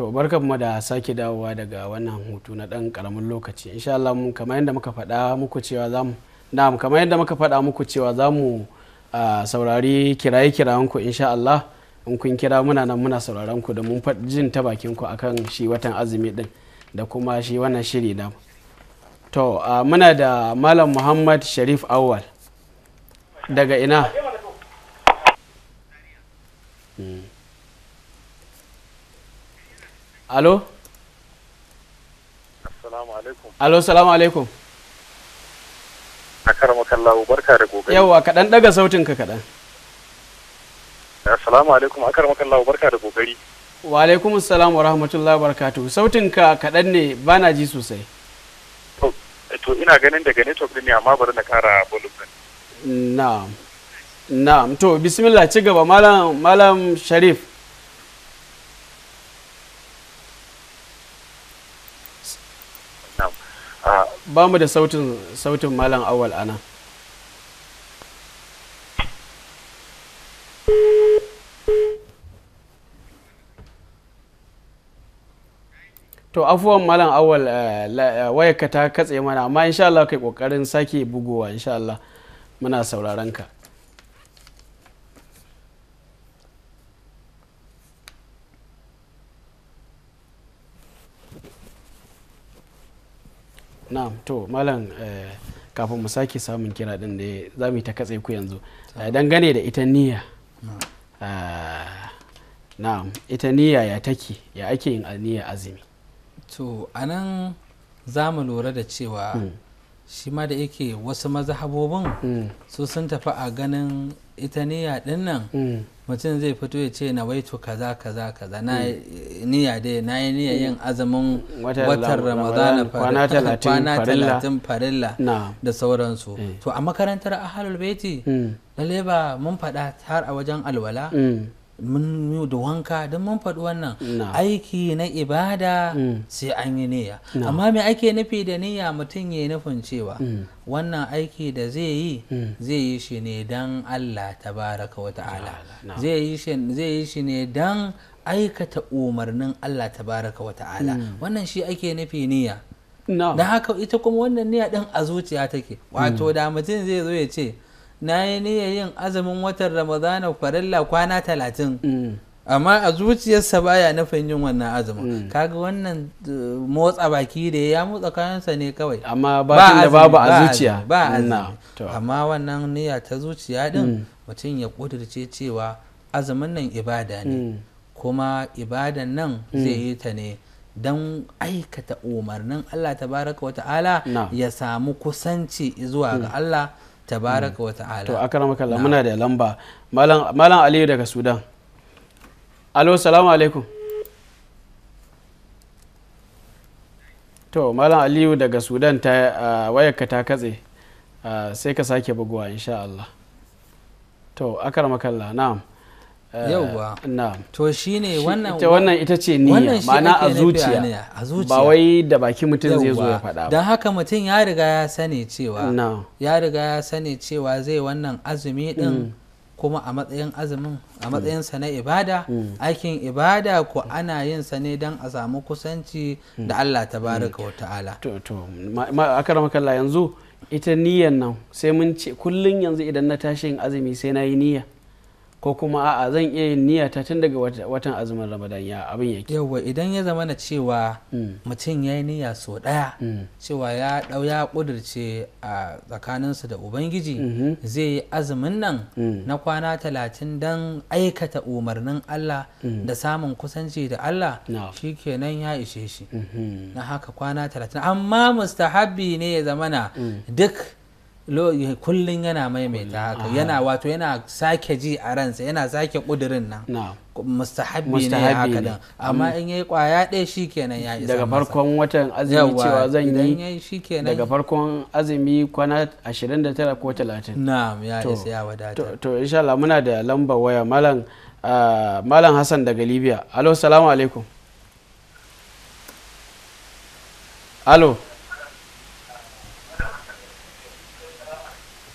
to barkanmu da sake dawowa daga wannan hutu na dan karamin lokaci insha Allah mun kamar yadda muka faɗa muku cewa zamu na'am kamar yadda muka faɗa muku cewa zamu saurari kiraye kirayen ku insha Allah in kun kira muna nan muna sauraron ku da mun jin ta bakin ku akan shi watan azumi din da kuma shi wannan shiri da to muna da malam Muhammad Sharif Awal daga ina hmm. alo Assalamu alaikum alo salamu alaikum a karama kallawo barka da gobe Yawwa, kaɗan ɗaga sautin ka kaɗan assalamu alaikum a karama kallawo barka da gogari. wa alaikum assalam wa rahmatullahi wa barakatuh sautin ka kaɗan ne ba na ji sosai to ina ganin daga network ne amma bari na kara volume na'am na'am to bismillah ci gaba malam malam sharif ba mu da sautin sautin malam awal ana to afuwan malam awal eh, eh, ka ta katse mana amma insha Allah kai kokarin sake bugowa insha Allah muna sauraron ka na'am to malam eh, kafin mu sake samun kira din da za mu ta katse ku yanzu eh, dangane da ita niyya eh, na'am ita niyya ya take ya ake yin niyya azumi to anan za mu lura da cewa hmm. shi ma da yake wasu mazhabobin hmm. su sun tafi a ganin ita niyya din nan hmm. mutum zai fito ya ce na waitu kaza kaza kaza na hmm. niyya dai na yi niyya yin hmm. azumin watan ramadana kwana talatin farilla da sauransu hmm. to a makarantar ahalul beti lalle ba mun faɗa har a wajen alwala mun yi da wanka don mun faɗi wannan aiki na ibada mm. sai an yi niyya amma mai ake nufi da niyya mutum ya nufin cewa mm. wannan aiki da zai yi mm. zai yi shi ne don allah tabaraka wa ta'ala zai yi shi ne don aikata umarnin allah tabaraka wa ta'ala wannan shi ake nufi niyya da haka ita kuma wannan niyya ɗin a zuciya take wato da mutum zai zo ya ce na yi niyyar yin azumin watan ramadana farilla kwana talatin mm. amma a zuciyarsa baya nufin yin wannan azumin mm. kaga wannan uh, motsa baki da ya motsa kayansa ne kawai amma bakin babu a zuciya ba mm, amma wannan niyya ta zuciya din mutum ya kudirce cewa azumin nan ibada ne kuma ibadan nan zai yi ta ne don aikata umarnin Allah tabaraka wa ta'ala ya samu kusanci zuwa ga Allah tabaraka mm. wa ta'ala to akramaka Allah muna da lamba malam malam Aliyu daga Sudan alo salamu alaikum to malam Aliyu daga Sudan ta wayarka ta katse sai ka sake buguwa insha Allah to akramaka Allah na'am yauwa eh, to shi ne wannan ita ce niyya ma'ana a zuciya ba wai da baki mutum zai zo ya faɗa don haka mutum ya riga ya sani cewa ya riga ya sani cewa zai wannan azumi din mm. kuma a matsayin azumin a mm. matsayin sa na ibada mm. aikin ibada ko ana yin sa ne don a samu kusanci da Allah baraka wa ta'ala to to yanzu ita niyan nan sai mun ce kullun yanzu idan na tashi yin azumi sai na yi niyya ko kuma a'a zan iya yin niyya ta tun daga watan azumin ramadan ya abin yake yawa idan ya zama na cewa hmm. mutum ya yi niyya so daya hmm. cewa ya dau ya kudirce a tsakaninsu da ubangiji mm-hmm. zai yi azumin nan hmm. na kwana talatin don aikata umarnin allah da samun kusanci da allah Shi shikenan ya ishe shi mm-hmm. na haka kwana talatin amma mustahabbi ne ya zamana duk kullum yana maimaita haka yana wato yana sake ji a ransa yana sake kudirin nan mustahabbi ne haka da amma in yi kwaya ɗaya kenan ya isa daga farkon watan azumi cewa zan yi daga farkon azumi kwana 29 ko 30 na'am ya isa ya wadata to insha Allah muna da lambar waya malam ah, malam Hassan daga Libya alo salamu alaikum alo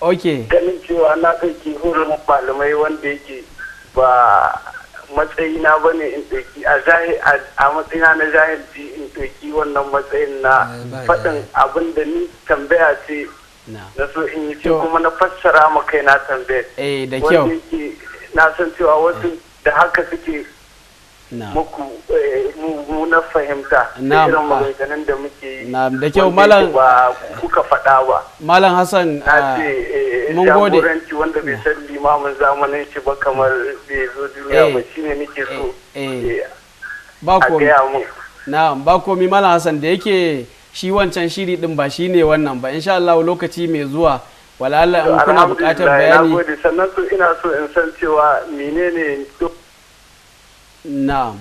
ok ganin cewa na kai ke horon malamai wanda yake ba matsayina ba ne in ɗauki a matsayina na jahilci in ɗauki wannan matsayin na eh, faɗin abin da ni tambaya ce na so in yi ce kuma na fassara ma kai na tambaya eh da kyau na san cewa wasu eh. da haka suke muku fahimta da kyau malam ba kuka faɗa ba malam hassan ah, eh, wanda bai san limamin zamanin shi ba kamar bai zo duniya ba eh. shine nake so eh, ba komi na'am ba komi malam hassan da yake shi wancan shiri din ba shine wannan ba insha Allah lokaci mai zuwa walala in kuna buƙatar bayani sannan ina so in san cewa menene na'am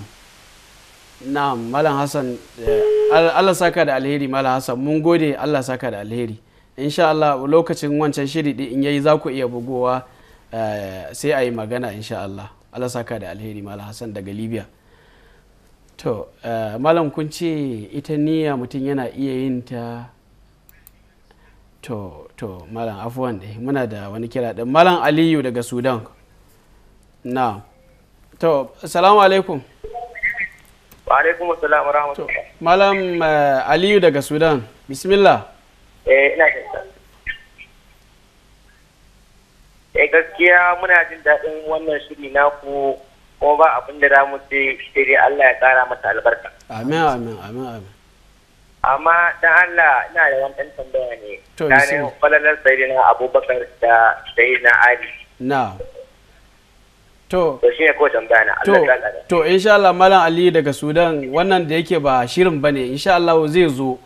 na'am malam hassan eh, allah saka da alheri malam hassan mun gode allah saka da alheri insha allah lokacin wancan shiri din in yayi za ku iya bugowa eh, sai a yi magana insha allah allah saka da alheri malam hassan daga libya to eh, malam kun ce ita niyya mutum yana iya yin ta to to malam afuwan dai muna da wani kira malam aliyu daga sudan na'am to salamu alaikum wa alaikum assalam rahmatullahi. Malam malam eh, aliyu daga sudan bismillah eh ina gaskiya eh gaskiya muna jin daɗin wannan shiri na ku ko ba abin da mu ce shiri Allah ya kara masa albarka amin amin amin amin amma dan Allah ina da wani dan tambaya ne to ne falalar sayyidina Abubakar da na Ali na'am to to ne ko tambaya na Allah to to insha Allah malam Ali daga Sudan wannan da yake ba shirin bane insha Allah zai zo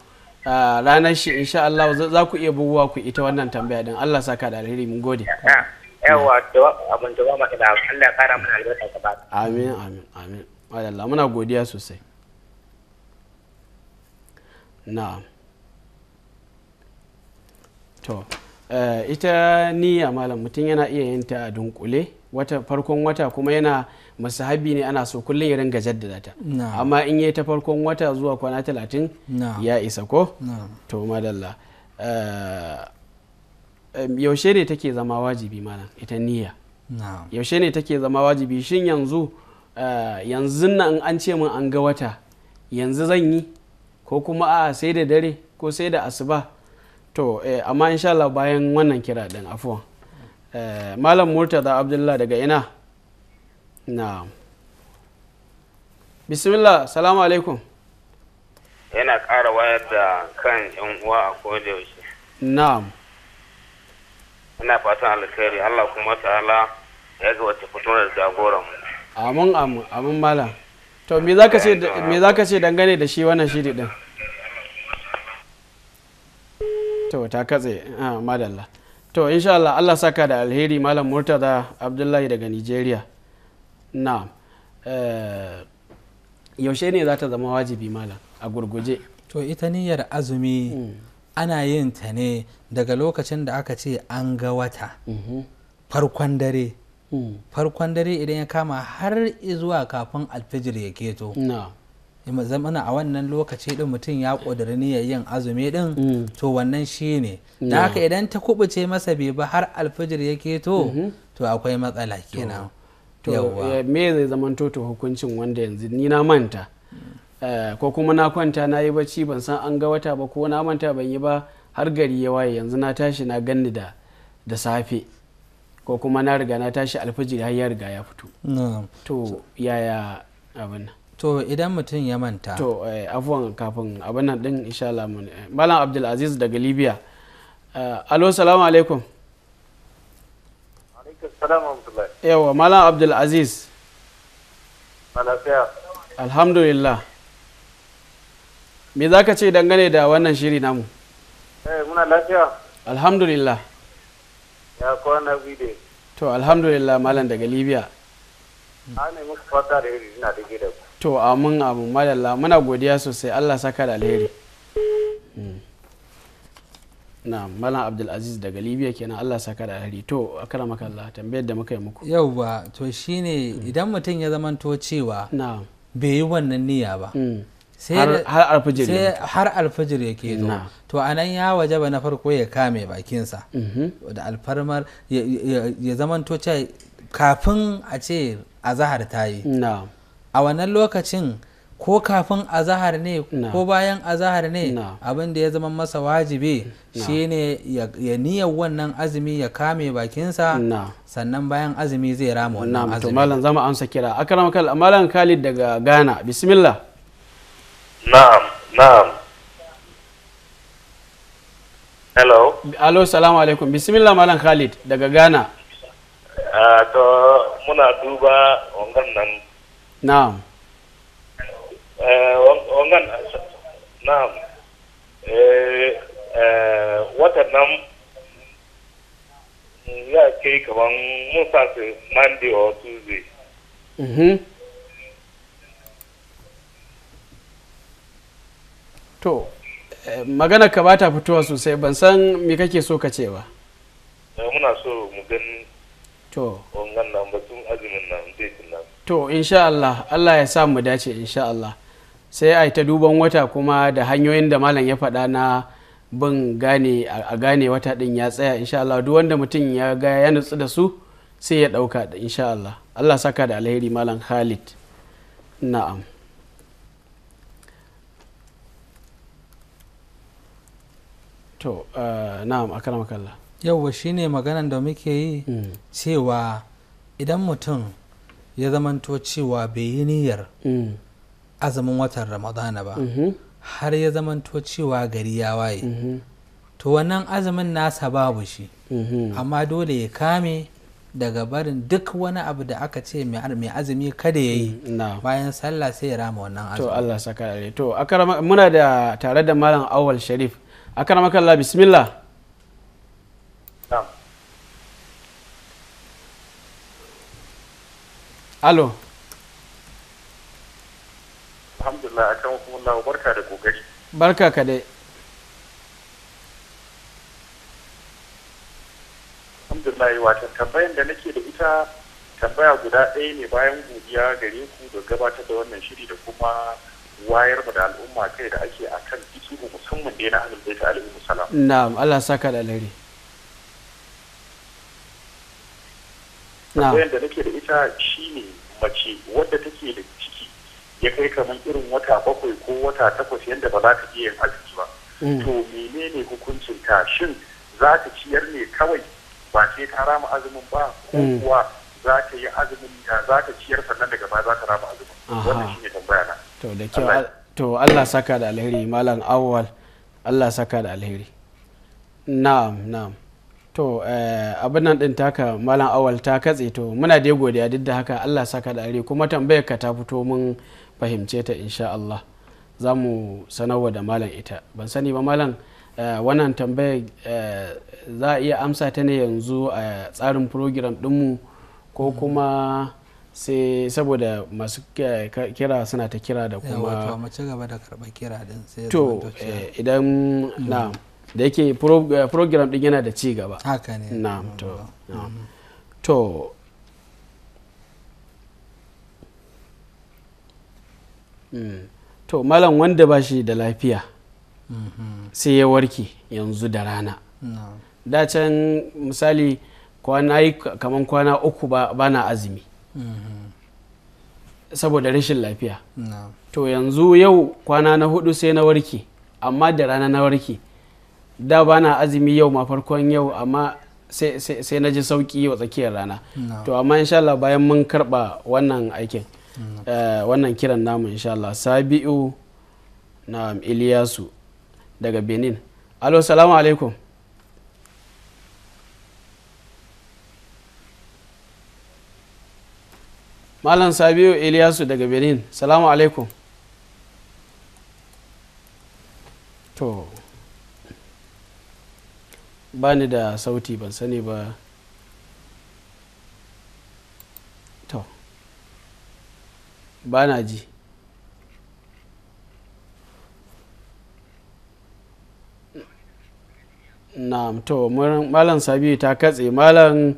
ranar shi insha Allah za ku iya buguwa ku ita wannan tambaya din Allah saka da alheri mun gode yawa to abin da ba da Allah kara mana albarka ba. amin amin amin Allah muna godiya sosai na'am to eh, ita niyya malam mutum yana iya yin ta a dunkule wata farkon wata kuma yana masahabi ne ana so kullum ya ringa jaddada ta amma in yi ta farkon wata zuwa kwana talatin ya isa ko to madalla eh, yaushe ne take zama wajibi mana ita niyya yaushe ne take zama wajibi shin yanzu eh, yanzu nan an ce min an ga wata yanzu zan yi ko kuma a sai da dare ko sai da asuba to eh, amma insha Allah bayan wannan kira din afuwan Eh, malam murtaza abdullah daga ina na bismillah salamu alaikum yana ƙara wayar da kan yan uwa a koda yaushe na'am ina fatan alkhairi allah kuma ta'ala ya ga wata fitowar da jagoran mu amin amin amin malam to me za ka ce dangane da shi wannan shiri din to ta katse ah madalla to insha Allah Allah saka da alheri malam murtaza abdullahi daga nigeria na eh, yaushe ne za ta zama wajibi malam a gurguje to ita niyyar azumi mm. ana yin ta ne daga lokacin da aka ce an ga wata mm-hmm. farkon dare mm. farkon dare idan ya kama har zuwa kafin alfijir ya keto zamana a wannan lokaci din mutum ya ƙudiri niyyar yin azumi din mm. to wannan shi ne da haka idan ta kubuce masa bai ba har alfijir ya keto mm-hmm. to akwai matsala kenan to eh, me zai zamanto to hukuncin wanda yanzu ni na manta mm. eh, ko kuma na kwanta na yi bacci ban san an ga wata ba ko na manta ban yi ba har gari ya waye yanzu na tashi na ganni da da safe ko kuma na riga na tashi alfijir har ya riga ya fito to yaya abin to idan mutum ya manta to eh, afuwan kafin abin nan din insha Allah eh, malam Abdulaziz daga Libya eh, alo salamu alaikum yawa malam Abdulaziz alhamdulillah me za ka ce dangane da wannan shiri namu muna lafiya alhamdulillah ya kwana bide to alhamdulillah malam daga libya ana muku fata da iri ina da ku to amin abu madalla muna godiya sosai allah saka da alheri hmm. na malam abdulaziz daga libya kenan allah saka da alheri to a kara makalla tambayar da muka yi muku ba to shine hmm. idan mutum ya to cewa bai yi wannan niyya ba hmm. har alfajir ya ke zo to a nan ya waje ba na farko ya kame bakinsa mhm. da alfarmar ya zamanto cewa kafin a ce a zahar ta yi a wannan lokacin ko kafin azahar ne ko bayan azahar ne abin da ya zama masa wajibi shine ya niyyar wannan azumi ya kame bakinsa sannan bayan azumi zai rama wannan azumi. malam zama amsa kira akaram kal malam Khalid daga Ghana bismillah na'am na'am hello alo salamu alaikum bismillah malam Khalid daga Ghana ah, to muna duba wangan nan na'am eh, wannan na'am eh, eh, watan nan ya kai kaman musa su monday or tuesday mm-hmm. to magana ka ba ta fitowa sosai ban san me kake so ka ce ba muna so mu gani to wannan nan batun azumin nan zai nan to insha Allah Allah ya sa mu dace insha Allah sai a ta duban wata kuma da hanyoyin da malam ya faɗa na bin gane a gane wata ɗin ya tsaya insha Allah duk wanda mutum ya ga ya nutsu da su sai ya ɗauka da insha Allah Allah saka da alheri malam Khalid na'am to uh, na'am akramakallah yawwa shine maganan da muke yi mm. cewa idan mutum ya zamanto cewa bai yi niyyar mm. azumin watan ramadana ba mm-hmm. har ya zamanto cewa gari ya waye mm-hmm. to wannan azumin nasa babu shi mm-hmm. amma dole ya kame daga barin duk wani abu da aka ce mai azumi kada ya yi mm, bayan sallah sai ya rama wannan azumi to Allah saka to muna da tare da malam awal sharif akaramakallah bismillah alo alhamdulillah a kan kuma barka da kokari barka ka dai alhamdulillah wato tambayan da nake da ita tambaya guda ɗaya ne bayan godiya gare ku da gabatar da wannan shiri da kuma wayar da al'umma kai da ake a kan ikiru musamman da yana ahlul bait alaihi salam na'am Allah saka da alheri Tambayan da nake da ita shine mace wadda take da ciki ya kai kamar irin wata bakwai ko wata takwas yadda ba za ta iya yin aziki ba mm. to menene hukuncin ta shin za ta ciyar ne kawai ba sai ta rama azumin ba ko mm. kuwa za ta yi azumin za ta ciyar sannan daga baya za ta rama azumin wannan ne tambaya na to da kyau to Allah saka da alheri malam awwal Allah saka da alheri na'am na'am to eh, abin nan din taka malam awal ta katse to muna dai godiya duk da haka allah saka da are kuma tambayar ka ta fito mun fahimce ta insha allah za mu sanarwa da malam ita ban sani ba malam eh, wannan tambayar eh, za a iya amsa ta ne yanzu a tsarin program ɗinmu ko mm-hmm. kuma sai saboda masu kira suna ta kira da kuma wato mace gaba da karɓar kira din sai to idan mm. na da yake eh, program din yana da ci gaba haka ne na to mm-hmm. to mm, to malam wanda ba shi da lafiya mm-hmm. sai ya warke yanzu da rana da can misali kwana yi kamar kwana uku ba na azumi mm-hmm. saboda rashin lafiya to yanzu yau kwana na hudu sai na warke amma da rana na warke da ba na azumi yau ma farkon yau amma sai na ji sauki wa tsakiyar rana to amma insha Allah bayan mun karba wannan aikin eh, wannan kiran namu insha Allah sabi'u na iliyasu daga benin alo salamu alaikum malam sabi'u iliyasu daga benin salamu alaikum to bani da sauti ban sani ba to ba ji na to malam sabi ta katse malam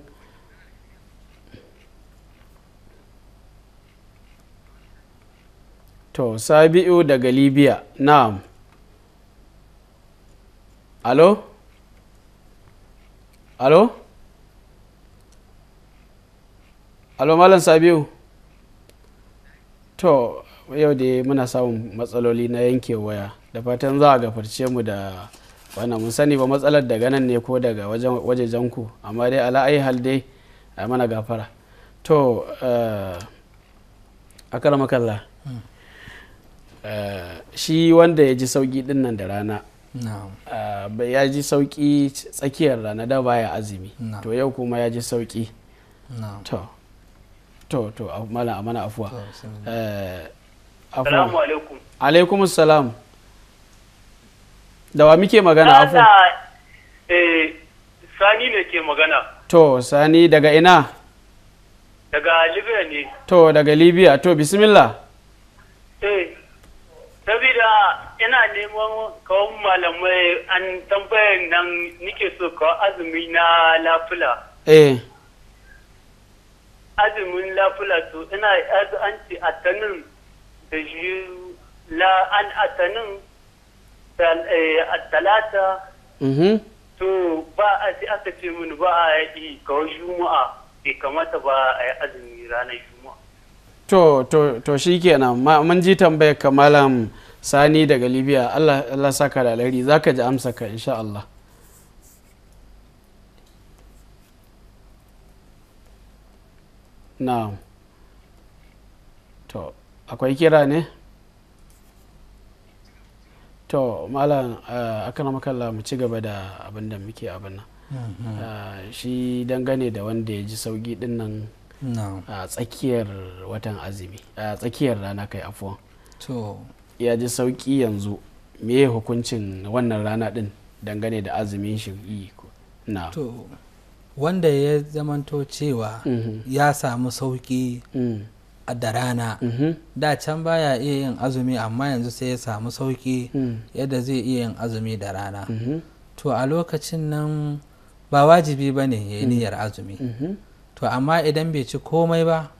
to sabiu daga libya na'am alo alo alo malam sabiu to yau da muna samun matsaloli na yanke waya da fatan za a gafarce mu da wannan mun sani ba matsalar daga nan ne ko daga wajen ku amma dai ala'ayi hal dai a mana gafara to eh, a kalla hmm. eh, shi wanda ya ji sauki ɗinnan da rana Ah, ya ji sauki tsakiyar rana da baya azumi to yau kuma ya ji sauki to to to mala mana eh, afuwa Assalamu alaikum. Alaikum salam. Da wa muke magana afu? Eh, sani ne ke magana. To, sani daga ina? Daga Libya ne. To, daga Libya. To, bismillah. Eh, sabida ina neman kawon malamai an tambayar nan nike so ka azumi na lafula. Eh. Azumin lafula to ina yanzu an ce atanin da shi la an atanin eh, talata. Mhm. To ba a sai aka ce mun ba a yi kawon juma'a bai kamata ba a yi azumi ranar juma'a. To to to shikenan mun ji tambayar kamalan. malam sani daga libya allah, allah saka da alheri za ka ji amsa ka insha allah na to akwai kira ne to malam eh, aka makalla mu ci gaba da abin da muke abin nan mm-hmm. eh, shi dangane da wanda ya ji sauki din nan a eh, tsakiyar watan azumi a tsakiyar rana kai afuwan ya ji sauki yanzu me hukuncin wannan rana din dangane da azumin shi na to wanda ya zamanto cewa mhm. ya samu sauki mm. da rana mhm. da can baya iya yin azumi amma yanzu sai ya samu sauki mm. yadda zai iya yin azumi da rana mhm. to a lokacin nan ba wajibi ba ne ya yi mm. niyyar azumi to amma idan bai ci komai ba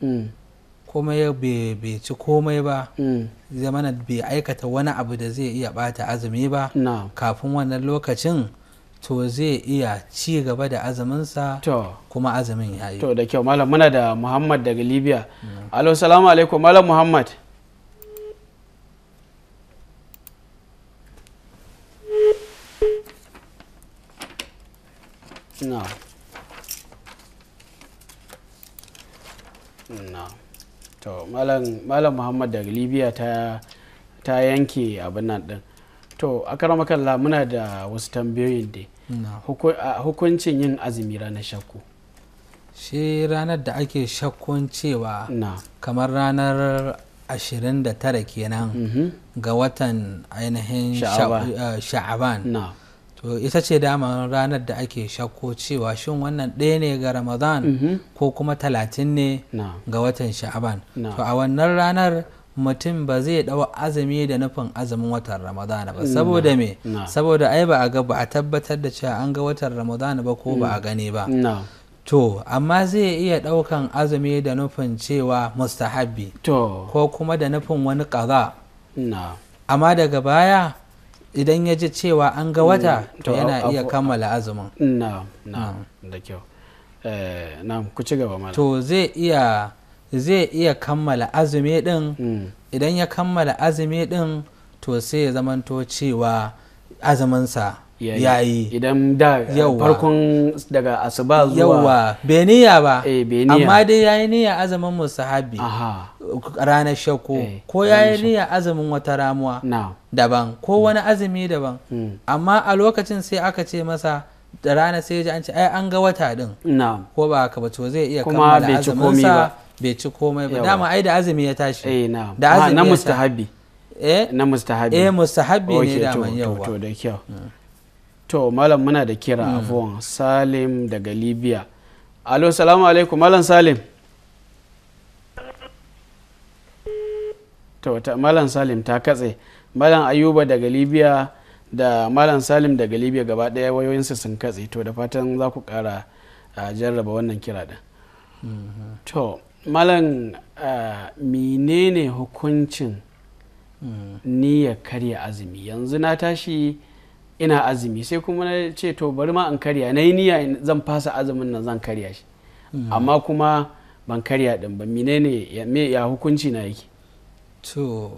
kuma ya bai ci komai ba mm. zamana bai aikata wani abu da zai iya bata azumi ba kafin wannan lokacin to zai iya ci gaba da azuminsa kuma azumin ya yi to da kyau malam muna da muhammad daga libya mm. alo salamu alaikum malam muhammad no no to malam muhammad daga libya ta yanke abin nan din to a karamakalla muna da wasu tambayoyin da hukuncin yin azumi ranar shakku shi ranar da ake shakkun cewa kamar ranar 29 kenan mhm. ga watan ainihin sha'aban eh, to ita ce dama ranar da ake shakko cewa shin wannan ɗaya ne ga ramadan mhm. ko kuma talatin ne ga watan sha'aban to a wannan ranar mutum ba zai dawa azumi da nufin azumin watan ramadan ba saboda me saboda ai ba a ga ba a tabbatar da cewa an ga watan ramadan ba ko ba a mm. gani ba to amma zai iya ɗaukan azumi da nufin cewa mustahabbi ko kuma da nufin wani kaza amma daga baya idan ya ji cewa an ga wata mm, to yana iya kammala azumin na mm. da kyau eh, na ku ci gaba to zai iya zai iya kammala azumi din mm. idan ya kammala azumi din to sai ya zamanto cewa azuminsa yayi idan da farkon daga asuba zuwa yawa niyya ba eh, amma dai yayi niyya azumin musahabi ranar shakko eh, ko yayi niyya azamin wata ramuwa daban ko hmm. wani azumi daban hmm. amma a lokacin sai aka ce masa da rana sai ya ji an ce ai an ga wata din ko ba haka ba to zai iya kammala azumin sa bai ci komai ba dama ai da azumi ya tashi eh, da azumi na mustahabi eh na mustahabi eh mustahabi ne da man yawa to da kyau hmm. to malam muna da kira mm. afuwan salim daga libya alo salamu alaikum malam salim to ta malam salim ta katse malam ayuba daga libya da malam salim daga libya gaba daya wayoyinsu sun katse to da fatan za ku kara uh, jarraba wannan kira da mm -hmm. to malam uh, menene hukuncin mm. ya karya azumi yanzu na tashi ina azumi sai kuma na ce to bari ma an karya na yi niyya zan fasa azumin nan zan karya shi hmm. amma kuma ban karya din ba menene ya hukunci na yake to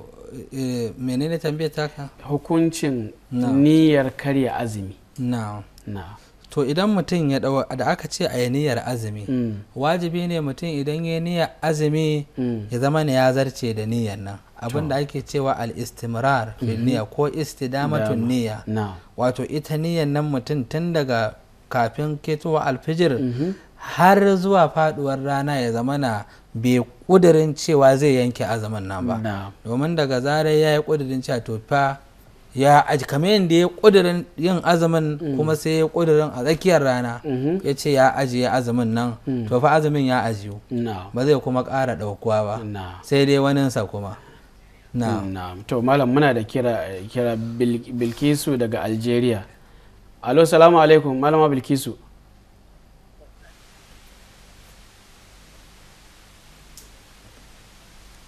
eh, menene tambayar taka hukuncin niyyar karya azumi na to idan mutum ya dawa da aka ce a niyyar azumi mm. wajibi ne mutum idan ya niyyar azumi mm. ya zama ne ya zarce da niyyar nan abin da ake cewa al-istimrar fil mm-hmm. niyya ko istidamatun niyya wato ita niyyar nan mutum tun daga kafin ketowa alfijir mm-hmm. har zuwa faduwar rana ya zama na bai kudirin cewa zai yanke azumin nan ba domin daga zarar ya yi kudirin cewa to fa ya aji kamar yadda ya ƙudurin yin azumin mm. kuma sai ya ƙudurin a tsakiyar rana mm-hmm. ya ce ya ajiye azumin nan mm. to fa azumin ya ajiyu ba zai kuma ƙara ɗaukuwa ba sai dai waninsa kuma na'am to malam muna da kira kira bilkisu daga algeria alo salamu alaikum malama bilkisu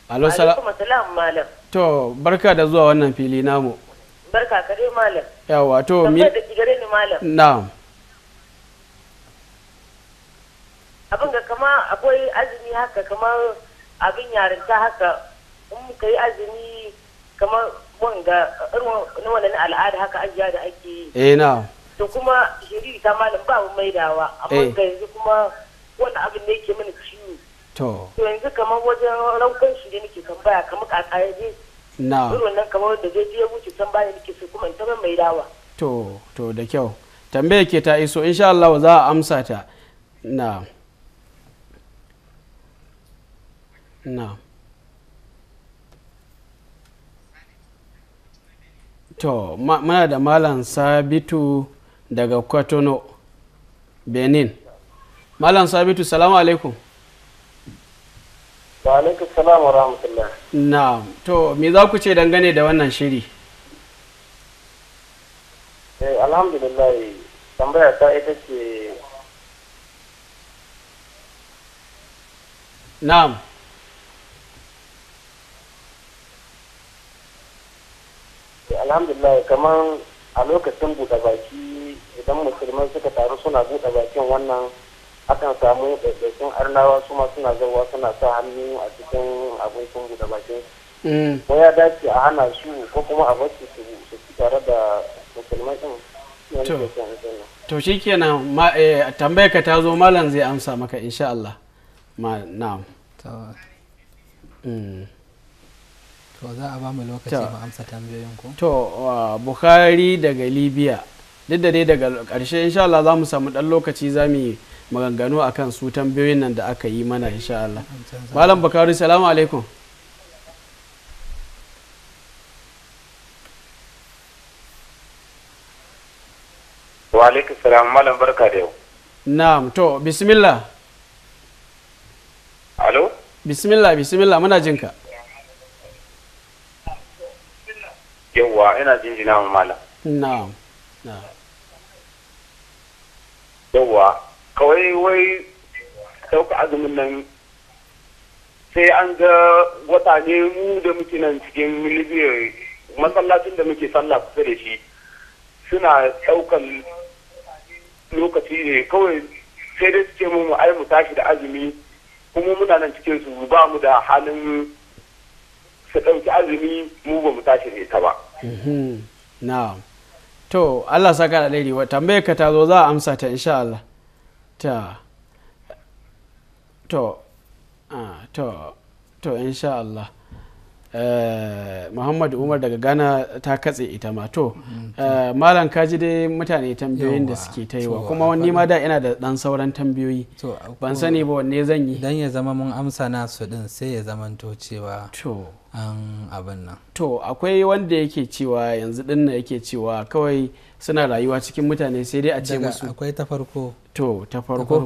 alo salamu to barka da zuwa wannan fili namu barka kare malam yawa to mi da gare ni malam na'am abin ga kama akwai azumi haka abin yarinta haka in muka yi azumi na wannan al'ada haka ajiya da ake yi eh to kuma ta malam ba mu maidawa amma eh. ga yanzu kuma wannan abin ne yake mini ciwo to yanzu kamar wajen raukan shi nake kan baya na wurin nan kamar wanda zai je ya wuce can baya nake so kuma ta mai dawa to to da kyau tambaye ke ta iso insha Allah za a amsa ta na na to muna da malam sabitu daga kwatano benin malam sabitu salamu alaikum wa alaikum salam wa rahmatullah na to me za ku ce dangane da wannan shiri eh alhamdulillah tambaya ta ita ce na'am eh, alhamdulillah kamar a lokacin buɗe baki idan musulmai suka taru suna buɗe bakin wannan akan samu ɗaiɗaikun arnawa su ma suna zauwa suna sa hannu a cikin abin sun da bakin mm. ko ya dace a hana su ko kuma a basu su ci tare da musulman ɗin to shi kenan eh, tambayar ka ta zo malam zai amsa maka insha Allah ma na'am to mm. za a ba mu lokaci mu amsa tambayoyin ku to Bukhari daga Libya duk da dai daga ƙarshe insha Allah za mu samu ɗan lokaci za mu yi maganganu akan su tambayoyin nan da aka yi mana insha Allah malam bakari salamu alaikum wa alaikum salam malam barka da yau na'am to bismillah alo bismillah bismillah muna jinka yawwa ina jinjina malam na na'am yawwa kawai wai ɗauka azumin nan sai an ga wata ne mu da muke nan cikin libya masallacin da muke sallah kusa da shi suna ɗaukan lokaci ne kawai sai dai suke mu ai mu tashi da azumi kuma muna nan cikin su ba mu da halin su ɗauki azumi mu ba mu tashi ne ta ba. Mhm. na'am to Allah saka da lairi wa tambayar ka ta zo za a amsa ta insha Allah. ta to to to insha Allah eh, Muhammad Umar daga Ghana ta katse ita ma to uh, malam kaji dai mutane tambayoyin da suke ta yi wa kuma wani ma da ina da dan sauran tambayoyi ban sani ba wanne zan yi dan ya zama mun amsa na su din sai ya zama to cewa to an abin nan to akwai wanda yake cewa yanzu din yake cewa kawai suna rayuwa cikin mutane sai dai a ce musu akwai ta farko to ta farko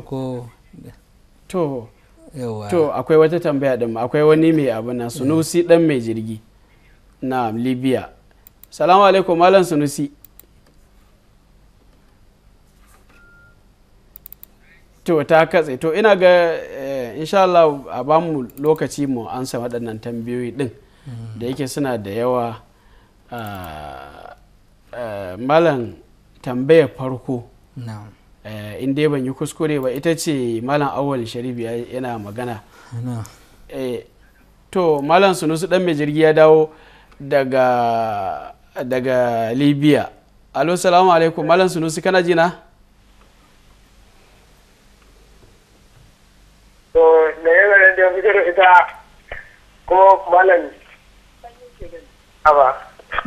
to to akwai wata tambaya din akwai wani mai abu na sunusi dan mai jirgi na libya salamu alaikum malam sunusi to ta katse to ina ga eh, insha Allah a bamu lokaci mu ansa waɗannan tambayoyi din mm. da yake suna da yawa ah, Eh, malam tambayar farko eh, in dai ban yi kuskure ba ita ce malam awal sharibi yana magana eh, to malam sunusu dan mai jirgi ya dawo daga libya alo salamu alaikum malam sunusu kana jina to da da da ita malam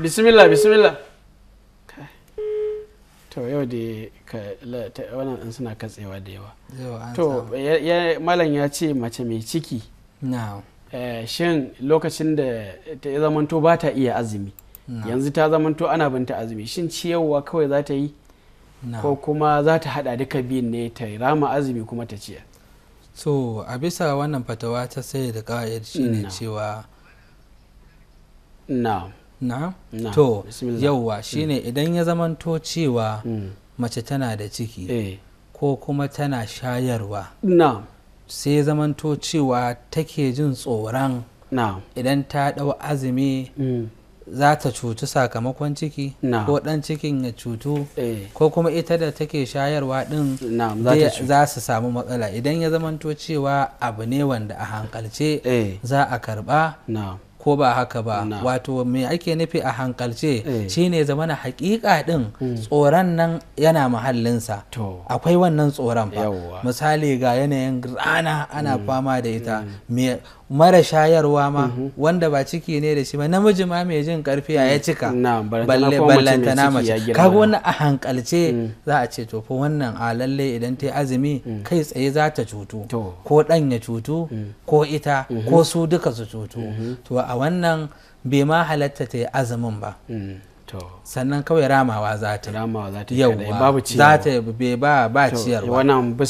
bismillah bismillah to yau da wannan din suna katsewa da yawa to malam ya ce mace mai ciki eh, shin lokacin da ta zamanto ba ta iya azumi yanzu ta zamanto ana binta azumi shin ciyarwa kawai za ta yi ko kuma za ta hada duka biyun ne ta rama azumi kuma ta ciyar so a bisa wannan fatawa ta sai da shi shine cewa na na to yauwa mm. shine idan ya zamanto cewa mm. mace tana da ciki eh. ko kuma tana shayarwa sai zamanto cewa take jin tsoron idan ta dau azumi mm. za ta cutu sakamakon ciki ko dan cikin ya cutu eh. ko kuma ita da take shayarwa din za su samu matsala idan ya zamanto cewa abu ne wanda a hankalce eh. za a karɓa ko ba haka ba wato me ake nufi a hankalce eh. shine zamana hakika din hmm. tsoron nan yana mahallinsa akwai wannan tsoron ba misali ga yanayin rana ana hmm. fama da ita hmm. mara shayarwa ma mhm. wanda ba ciki ne da shi ba namiji ma mai jin karfi a ya cika mm. balle ballanta na mace kaga wannan a hankalce mm. za a ce to wannan a lalle idan ta azumi mm. kai tsaye za ta cutu ko dan ya cutu ko ita mm-hmm. ko su duka su cutu mm-hmm. to a wannan bai ma halatta ta yi azumin ba sannan kawai ramawa za ta za ta za ta be ba ba ciyarwa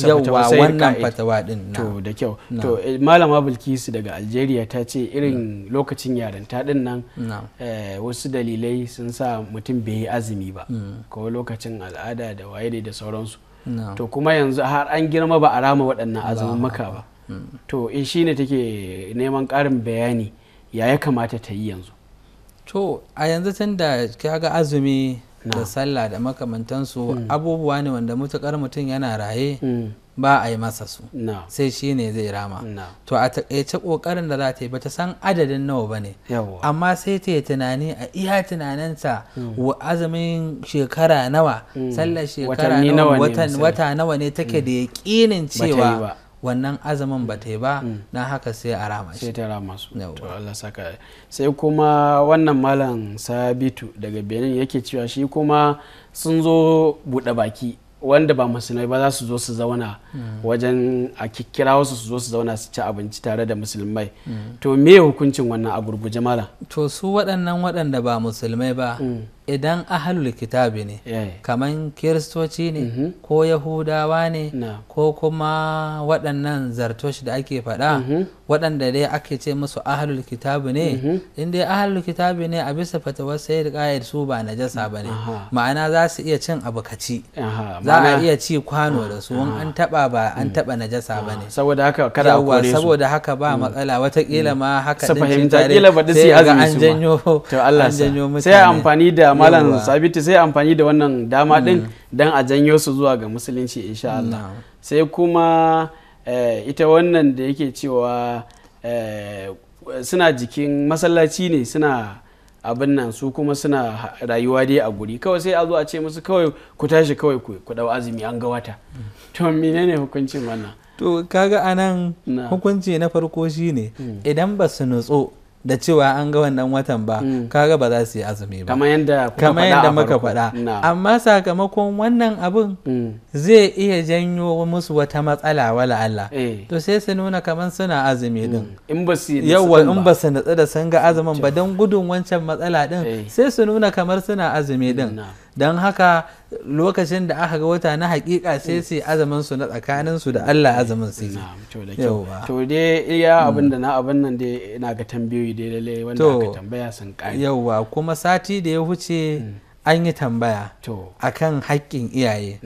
yauwa wannan fatawa din to da kyau to eh, malama bilkisu daga algeria ta ce irin lokacin yarinta din nan eh, wasu dalilai sun sa mutum bai yi azumi ba mm. ko lokacin al'ada da waye ne da sauransu to kuma yanzu har an girma ba a rama waɗannan azumin maka ba mm. to in eh, shine take neman ƙarin bayani ya ya kamata ta yi yanzu to a yanzu tun da kaga azumi da sallah da makamantansu hmm. abubuwa ne wanda mutukar mutum yana raye hmm. ba a yi masa su sai shi ne zai rama to a takaice ƙoƙarin da za ta yi ba ta san adadin nawa ba ne amma sai ta yi tunani a iya tunaninsa hmm. wa azumin shekara nawa sallar shekara nawa wata nawa ne take da yaƙinin cewa wannan azumin ba ta yi ba mm. mm. na haka sai a rama shi sai ta rama su to Allah saka sai kuma wannan malam sabitu daga benin yake cewa shi kuma sun zo buɗe baki wanda ba musulmai ba za su zo su zauna mm. wajen a kikkira wasu su zo su zauna su ci abinci tare da musulmai to me hukuncin wannan a gurguje malam to su waɗannan waɗanda ba musulmai ba idan ahalul kitabi ne kamar kiristoci ne mm-hmm. ko yahudawa ne ko kuma waɗannan zartoshi da ake faɗa mm-hmm. waɗanda dai ake ce musu ahalul kitabi ne mm-hmm. inda ahalul kitabi ne a bisa fatawar sai da su ba na jasa ba ne ma'ana za su iya cin abu kaci za a iya ci kwano da su an taɓa ba an mm. taɓa jasa ba ne saboda haka kada a kore su saboda haka ba mm. matsala watakila mm. ma haka ɗin ce tare sai ga an janyo mutane sai amfani da malam sabiti sai amfani da wannan dama din mm. don a janyo su zuwa ga musulunci insha mm, Allah sai kuma eh, ita wannan da yake cewa eh, suna jikin masallaci ne suna abin nan su kuma suna rayuwa dai a guri kawai sai a zo a ce musu kawai ku tashi kawai ku dau azumi an ga wata mm. to menene hukuncin wannan to kaga anan hukunci na farko shine idan ba su nutso da cewa an ga wannan watan ba mm. kaga ba za su yi azumi ba kamar yadda muka faɗa amma sakamakon wannan abin mm. zai iya janyo musu wata matsala wala Allah eh. to sai su nuna kamar suna azumi din yawa mm. in ba su natsu da sun ga azumin ba don gudun wancan matsala din eh. sai su nuna kamar suna azumi din don haka lokacin da aka ga wata na hakika sai sai azaman su na tsakanin su da Allah azaman su yi to dai iya mm. abin da na abin nan dai ina ga tambayoyi dai lalle wanda aka tambaya sun kai yauwa kuma sati da ya huce mm. an yi tambaya akan haƙƙin iyaye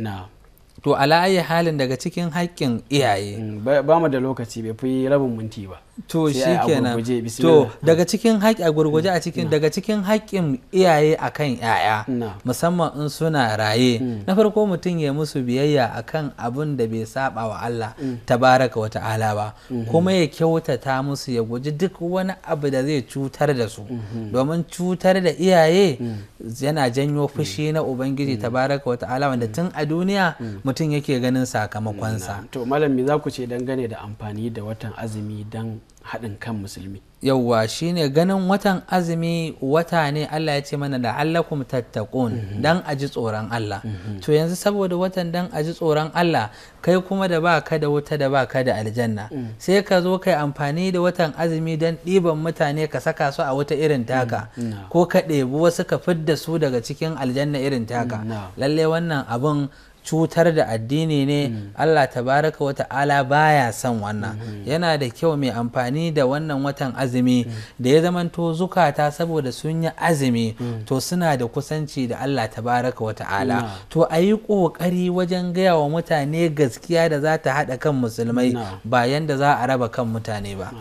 to ala halin daga cikin haƙƙin iyaye mm, ba mu da lokaci bai fi rabin minti ba to shi kenan to daga cikin haƙƙi a gurguje a cikin daga cikin haƙƙin iyaye akan yaya musamman in suna raye mm. na farko mutum ya musu biyayya akan abin da bai saba wa Allah mm. tabaraka wa ta'ala ba mm-hmm. kuma ya kyautata musu ya guji duk wani abu da zai cutar da su mm-hmm. domin cutar da iyaye mm. yana janyo fushi na ubangiji tabaraka wa ta'ala wanda tun a duniya mutum yake ganin sakamakonsa to malam za ku ce dangane da amfani da watan azumi dan haɗin kan musulmi shi shine ganin watan azumi wata ne Allah ya ce mana da la'allakum tattaqun mhm. dan ji tsoron Allah mhm. to yanzu saboda watan dan ji tsoron Allah kai kuma da ba ka da wuta da ba ka da aljanna mm. sai ka zo kai amfani da watan azumi don ɗiban mutane ka saka su a wuta irin taka mm. ko ka ɗebi wasu ka fidda su daga cikin aljanna irin taka mm. lallai wannan abun cutar da addini ne mm. Allah tabaraka wa ta'ala baya son wannan mm. yana da kyau mai amfani da wannan watan azumi mm. da ya zamanto zukata saboda sun yi azumi to suna da kusanci da Allah tabaraka wa ta'ala to a yi kokari wajen gaya wa mutane gaskiya da za ta haɗa kan musulmai ba da za a raba kan mutane ba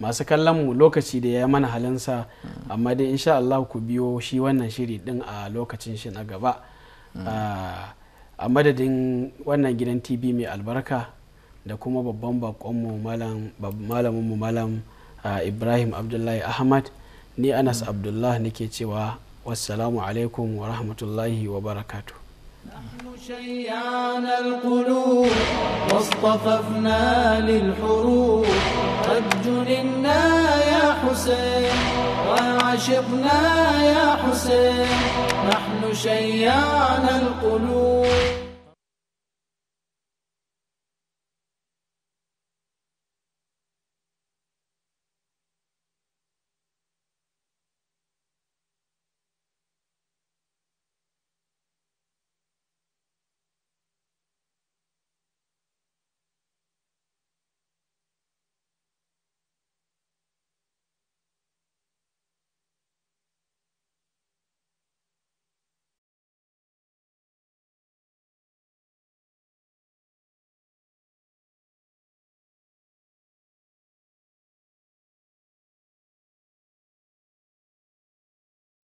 masu kallon mu lokaci da ya mana halinsa amma dai insha Allah ku biyo shi wannan shiri din a lokacin shi na gaba mm. ah, a madadin wannan gidan tv mai albarka da kuma babban bakonmu malaminmu malam ah, ibrahim abdullahi ahmad ni anas abdullah nake cewa wassalamu alaikum wa rahmatullahi wa barakatu شيعان القلوب واصطففنا للحروب وجننا يا حسين وعشقنا يا حسين نحن شيعنا القلوب